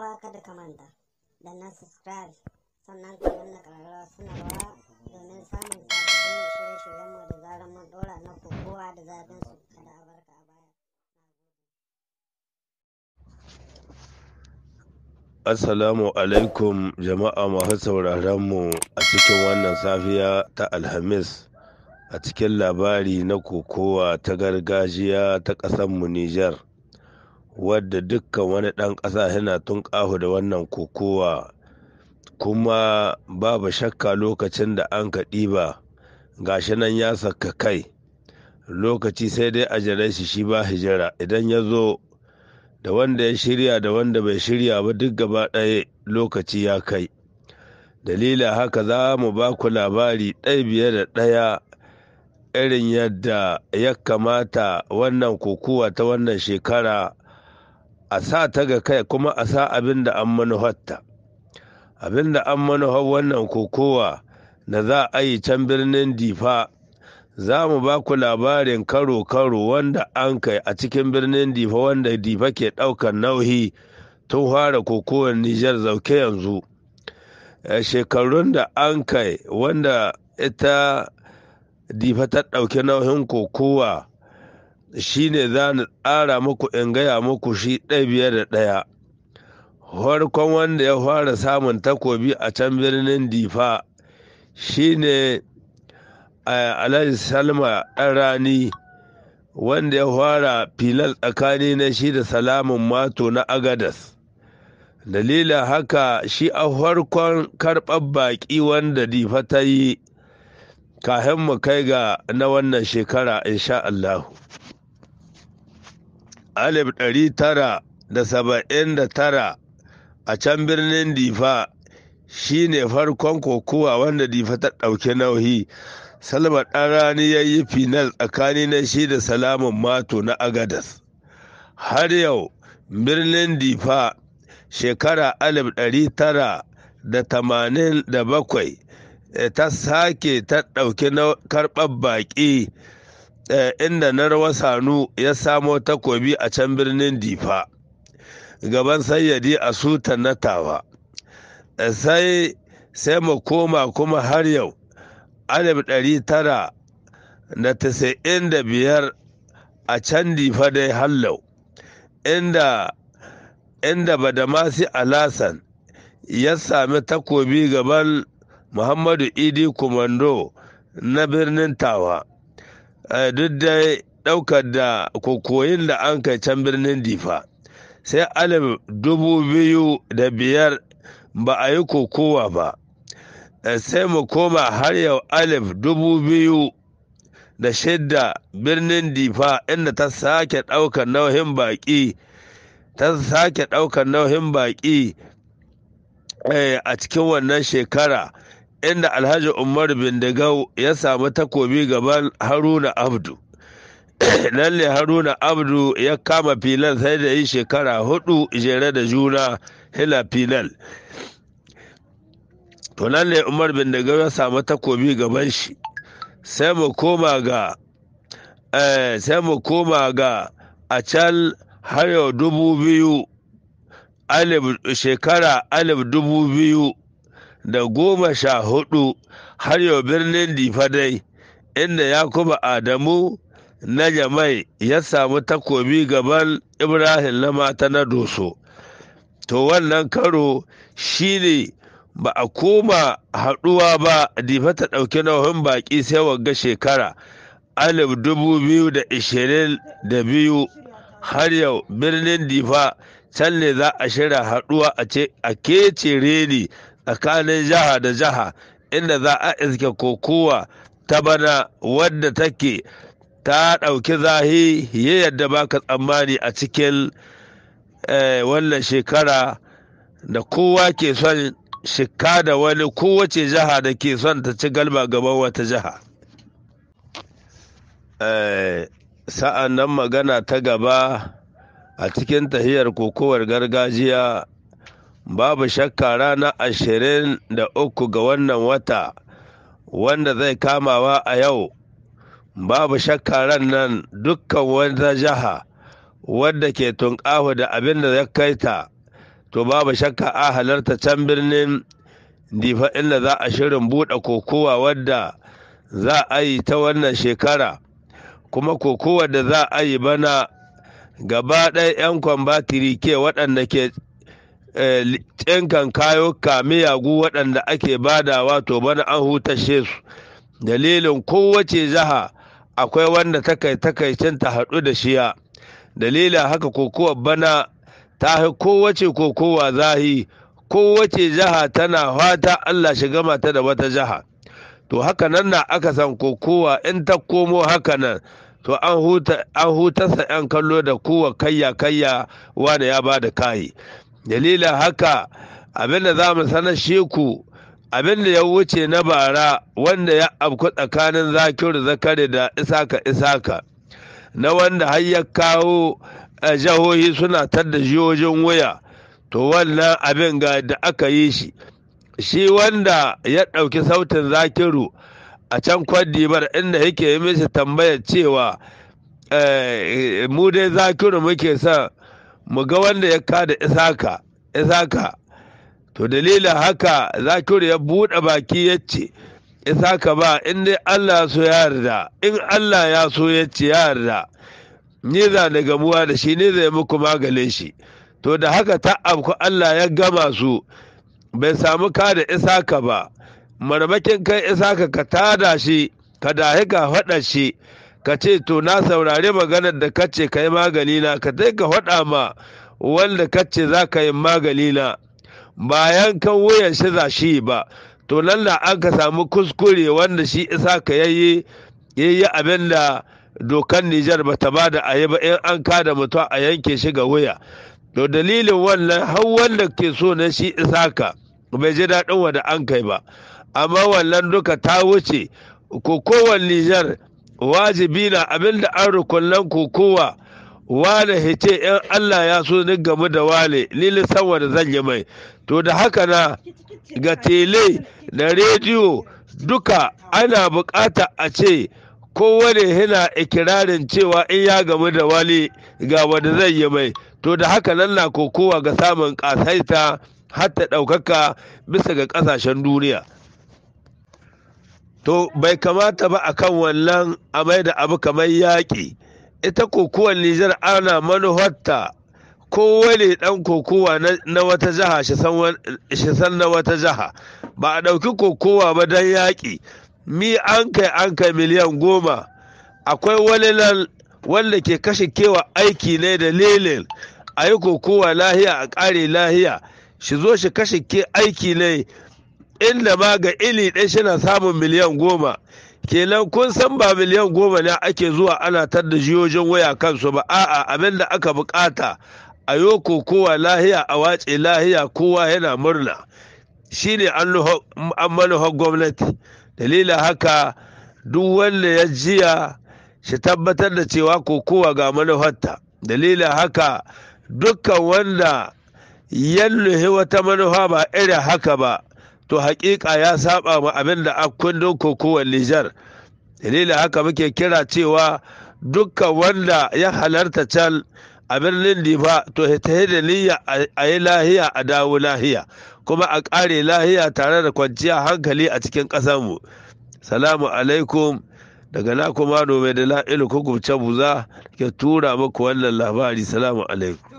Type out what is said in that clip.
uwa kada ka manta da na subscribe sannan ka danna suna sanarwa domin samun sabbin shirye-shiryenmu da zarar mun ɗora na kowa da zafin su kada a barka a baya. Assalamu alaikum jama'a masu sauraron mu a cikin wannan safiya ta Alhamis a cikin labari na kokowa ta gargajiya ta ƙasarmu Nijar. wadda dukkan wani ɗan ƙasa yana tunƙahu da wannan kokowa kuma babu shakka lokacin da an ka ɗiba gashi nan ya saka kai lokaci sai dai a jirai shi shi ba hijira idan ya zo da wanda ya shirya da wanda bai shirya ba duk gaba ɗaya lokaci ya kai dalila haka za mu ba ku labari ɗaya biye da ɗaya irin yadda ya kamata wannan kokowa ta wannan shekara a sa ta ga kai kuma a sa abin da an manuhatta abin da an manuhar wannan kokowa da za a yi can birnin difa za mu ba ku labarin karo-karo wanda an kai a cikin birnin difa wanda difa ke ɗaukar nauhi tun fara kokowar nijar zauke yanzu eh, shekarun da an kai wanda ita difa ta ɗauki nauhin kokowa shi ne za ni tsara muku in gaya muku shi ɗaya biyar da ɗaya farkon wanda ya fara samun takobi a can birnin difa shi ne alhaji salma ɗan rani wanda ya fara filal tsakani na shi da salamun mato na agadas dalilin haka shi a farkon karɓar baƙi wanda difa ta yi kahin mu kai ga na wannan shekara insha Allahu. alif ɗari tara da da tara a can birnin difa shi ne farkon kokowa wanda difa ta ɗauki nauyi salma rani ya yi final tsakani na shi da salamun mato na agadas har yau birnin difa shekara alif ɗari tara da bakwai eh, ta sake ta ɗauki karɓar baƙi Eh, inda narwa sanu ya samo takobi a can birnin difa gaban sayyadi a suta na tawa eh, sai sai mu koma kuma har yau alif ɗari tara da tasa'in da biyar a can difa dai hallau inda inda badamasi alasan ya sami takobi gaban muhammadu idi kumando na birnin tawa Eh, duk da ɗaukar da kokoyin da an kai can birnin difa sai alif dubu biyu da biyar ba a yi kokowa ba eh, sai mu koma har yau alif dubu biyu da shida birnin difa inda ta sake ɗaukar nauhin baƙi ta sake ɗaukar nauhin baƙi eh, a cikin wannan shekara inda alhaji umar dagau ya samu takobi gaban haruna abdu lalle haruna abdu ya kama filan sai da yi shekara hudu jere da juna hila filan. to lalle umar dagau ya samu takobi gaban shi sai mu koma ga eh, sai mu koma ga a can har yau dubu biyu shekara alif dubu biyu da goma sha hudu har yau birnin difadai inda yakuba adamu na jamai ya samu takobi gaban ibrahim na mata na doso to wannan karo shi ne ba a koma haɗuwa ba difa ta ɗauki nauyin baƙi sai wagga shekara alif dubu biyu da ishirin da biyu har yau birnin difa can ne za a shirya haɗuwa a ke a kece tsakanin jiha da jiha inda za a iske kokowa ta bana wadda take ta ɗauki zahi ya yadda baka tsammani a cikin eh, wannan shekara da kowa ke son shika da wani kowace jiha da ke son ta ci galba gaban wata jiha eh, sa'an nan magana ta gaba a cikin tahiyar kokowar gargajiya babu shakka ranar ashirin da uku ga wannan wata wanda zai kamawa a yau babu shakka ranar nan dukkan wata jiha wadda ke tunƙahu da abin da ya kai ta to babu shakka a halarta can birnin difa inda za a shirin buɗe kokowa wadda za a yi ta wannan shekara kuma kokowa da za a yi bana gaba ɗaya 'yan kwambatiri ke waɗanda ke ɗinkan eh, kayo miyagu waɗanda ake bada to bana an hutashe su dalilin kowace jiha akwai wanda takai takaicin ta haɗu da shiya dalilin haka kokowa bana ta kowace kokowa zahi kowace jiha tana fata allah shiga mata da wata jiha to haka nan na aka san kokowa in ta komo haka nan to an hutarsa 'yan kallo da kowa kayya kayya wane ya ba da kayi dalilin haka abin da za mu sanar sheku abin da ya wuce na bara wanda ya abku tsakanin zakiru zakari da isaka isaka na wanda har ya kawo eh, jihohi suna tar da jihohin wuya to wannan abin ga da aka yi shi shi wanda ya ɗauki sautin zakiru a can kwadibar inda yake yi mishi tambayar cewa eh, mu dai zakiru muke sa mu ga wanda ya kada isaka isaka to dalilin haka zakiru ya buɗe baki ya ce isaka ba in dai allah so ya yarda in allah ya so ya ce ya yarda ni za da gamuwa da shi ne zai muku maganin shi to da haka ta abku allah ya gama su bai samu kada isaka ba marmakin kai isaka ka tada shi ka dahi ka faɗa shi ka ce to na saurari maganar da ka ce ka yi magani na ka ka faɗa ma wanda ka ce za ka yi magani na bayan kan wuyan shi za shi ba to nan da an ka samu kuskure wanda shi isa ka yayi yayi abin da dokan Nijar ba ta ba da ayi ba in an da mutum a yanke shi ga wuya to dalilin wannan har wanda ke so na shi isa ka bai ji daɗin wa da an kai ba amma wannan duka ta wuce ko kowane Nijar wajibi na abinda an rukunan kokowa wane hice in Allah ya so ni gamu da wane ni lissan da zan yi mai to da haka na ga tele da rediyo duka ana bukata a ce kowane yana ikirarin cewa in ya gamu da wali ga wanda zan yi mai to da haka nan na kokowa ga samun kasaita har ta ɗaukaka bisa ga ƙasashen duniya to bai kamata ba a kan wannan a mai da abu kamar yaƙi ita kokowar nijar ana manuwarta kowane ɗan kokowa na wata jiha shi san na wata jiha ba a ɗauki kokowa ba don yaƙi mi an kai an kai miliyan goma akwai wani nan wanda ke kashe kewa aiki ne da lelin a yi kokowa lahiya a ƙare lahiya shi zo shi kashe ke aiki ne inda ma ga ili ɗaya shina samun miliyan goma kenan kun san ba miliyan goma ne ake zuwa ana tar da jiyojin waya kansu ba a'a abin da aka bukata a yoko kowa lahiya a wace lahiya kowa yana murna shine an manuhar gwamnati dalilin haka duk wanda ya jiya shi tabbatar da cewa kokowa ga manufarta dalilin haka dukkan wanda ya nuhi wata manuha ba irin haka ba to haƙiƙa ya saba ma abin da a kundin kokowar Nijar. Dalilin haka muke kira cewa dukkan wanda ya halarta can a birnin Diba to ta da niyya a yi lahiya a dawo lahiya kuma a ƙare lahiya tare da kwanciya hankali a cikin ƙasarmu. Salamu alaikum daga na kuma mai da la'ilu kugubce buza ke tura muku wannan labari. Salamu alaikum.